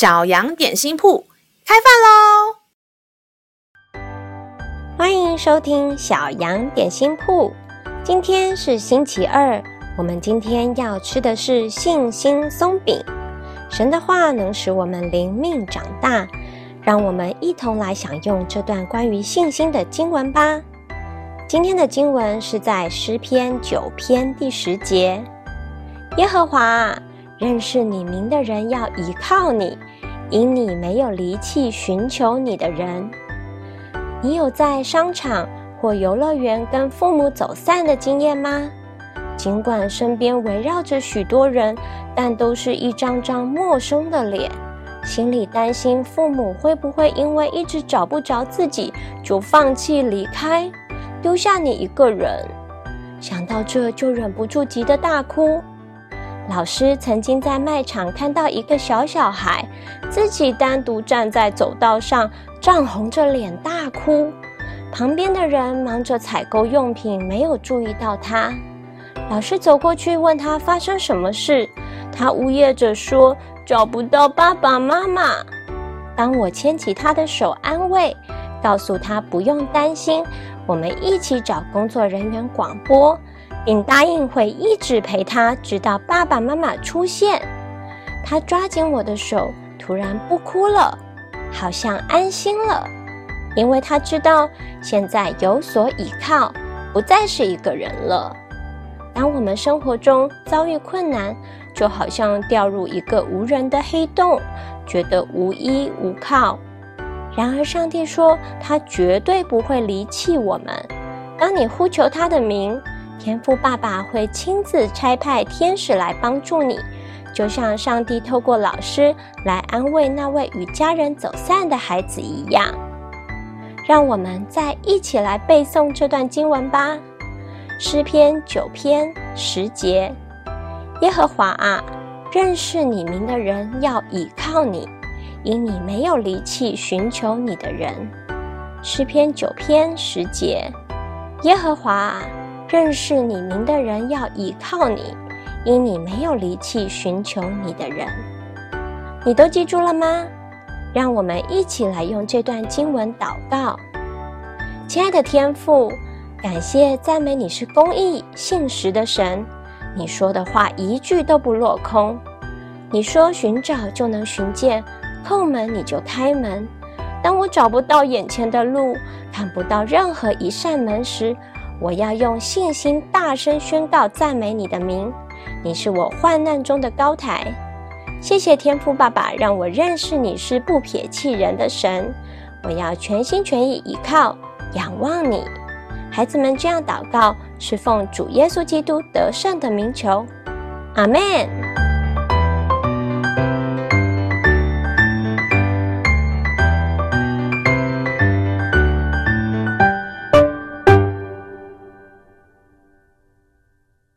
小羊點心鋪開飯嘍！歡迎收聽小羊點心鋪。今天是星期二，我們今天要吃的是信心鬆餅。神的話能使我們靈命長大，讓我們一同來享用這段關於信心的經文吧。今天的經文是在詩篇九篇第十節。耶和華，認識你名的人要依靠你。因你沒有離棄尋求你的人。你有在商場或遊樂園跟父母走散的經驗嗎？儘管身邊圍繞着許多人，但都是一張張陌生的臉，心裡擔心父母會不會因為一直找不着自己就放棄離開，丟下你一個人。想到這就忍不住急得大哭。老師曾經在賣場看到一個小小孩，自己單獨站在走道上，漲紅着臉大哭。旁邊的人忙着採購用品，沒有注意到他。老師走過去問他發生什麼事，他嗚咽着說找不到爸爸媽媽。當我牽起他的手安慰，告訴他不用擔心，我們一起找工作人員廣播。並答應會一直陪他，直到爸爸媽媽出現。他抓緊我的手，突然不哭了，好像安心了，因為他知道現在有所依靠，不再是一個人了。當我們生活中遭遇困難，就好像掉入一個無人的黑洞，覺得無依無靠。然而上帝說，他絕對不會離棄我們。當你呼求他的名，天父爸爸會親自差派天使來幫助你，就像上帝透過老師來安慰那位與家人走散的孩子一樣。讓我們再一起來背誦這段經文吧，《詩篇》九篇十節：耶和華啊，認識你名的人要倚靠你，因你沒有離棄尋求你的人。《詩篇》九篇十節：耶和華啊。認識你名的人要倚靠你，因你沒有離棄尋求你的人。你都記住了嗎？讓我們一起來用這段經文禱告。親愛的天父，感謝讚美你是公義信實的神，你說的話一句都不落空。你說尋找就能尋見，叩門你就開門。當我找不到眼前的路，看不到任何一扇門時，我要用信心大聲宣告讚美你的名，你是我患難中的高台。謝謝天父爸爸讓我認識你是不撇棄人的神。我要全心全意依靠仰望你。孩子們這樣禱告是奉主耶穌基督得勝的名求。阿門。